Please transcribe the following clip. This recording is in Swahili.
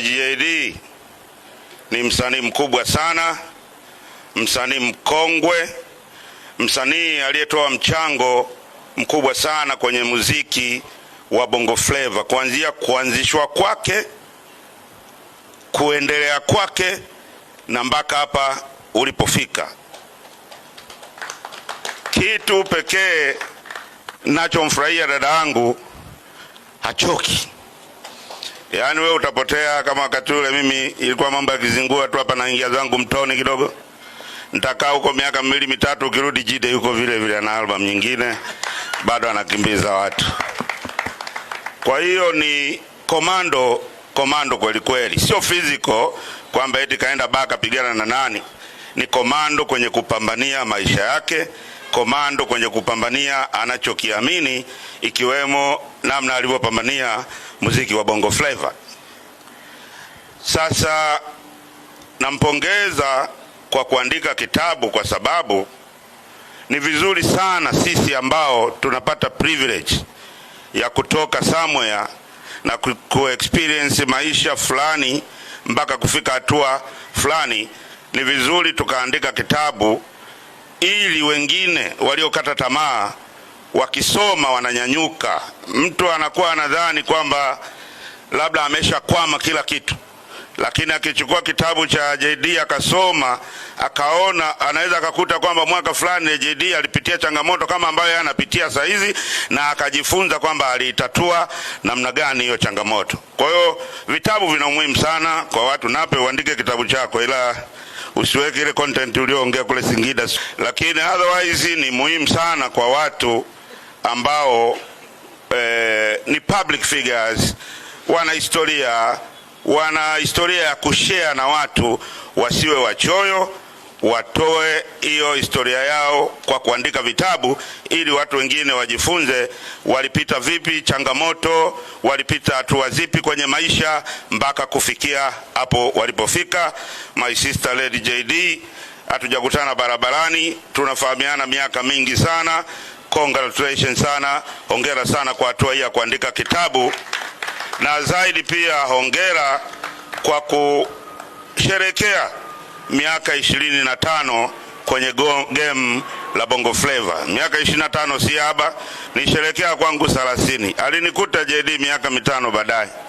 JJD ni msanii mkubwa sana, msanii mkongwe, msanii aliyetoa mchango mkubwa sana kwenye muziki wa Bongo Flava kuanzia kuanzishwa kwake, kuendelea kwake na mpaka hapa ulipofika. Kitu pekee nachomfurahia dada yangu hachoki Yaani wewe utapotea kama wakati ule mimi ilikuwa mambo ya kizingua tu hapa naingia zangu mtoni kidogo. Nitakaa huko miaka miwili mitatu, ukirudi Jide yuko vile vile na album nyingine bado anakimbiza watu. Kwa hiyo ni komando komando kweli kweli, sio physical kwamba eti kaenda baka pigana na nani, ni komando kwenye kupambania maisha yake komando kwenye kupambania anachokiamini ikiwemo namna alivyopambania muziki wa Bongo Flava. Sasa nampongeza kwa kuandika kitabu kwa sababu ni vizuri sana sisi ambao tunapata privilege ya kutoka somewhere na ku experience maisha fulani mpaka kufika hatua fulani, ni vizuri tukaandika kitabu ili wengine waliokata tamaa wakisoma wananyanyuka. Mtu anakuwa anadhani kwamba labda ameshakwama kila kitu, lakini akichukua kitabu cha JD akasoma akaona, anaweza akakuta kwamba mwaka fulani JD alipitia changamoto kama ambayo anapitia saa hizi, na akajifunza kwamba aliitatua namna gani hiyo changamoto. Kwa hiyo vitabu vina umuhimu sana kwa watu, nape uandike kitabu chako ila usiweke ile content ulioongea kule Singida, lakini otherwise ni muhimu sana kwa watu ambao eh, ni public figures, wana historia wana historia ya kushare na watu, wasiwe wachoyo watoe hiyo historia yao kwa kuandika vitabu ili watu wengine wajifunze walipita vipi changamoto, walipita hatua zipi kwenye maisha mpaka kufikia hapo walipofika. My sister Lady JD, hatujakutana barabarani, tunafahamiana miaka mingi sana. Congratulations sana, hongera sana kwa hatua hii ya kuandika kitabu, na zaidi pia hongera kwa kusherekea miaka ishirini na tano kwenye game la Bongo Flava. Miaka ishirini na tano si haba, nisherekea kwangu thelathini. Alinikuta JD miaka mitano baadaye.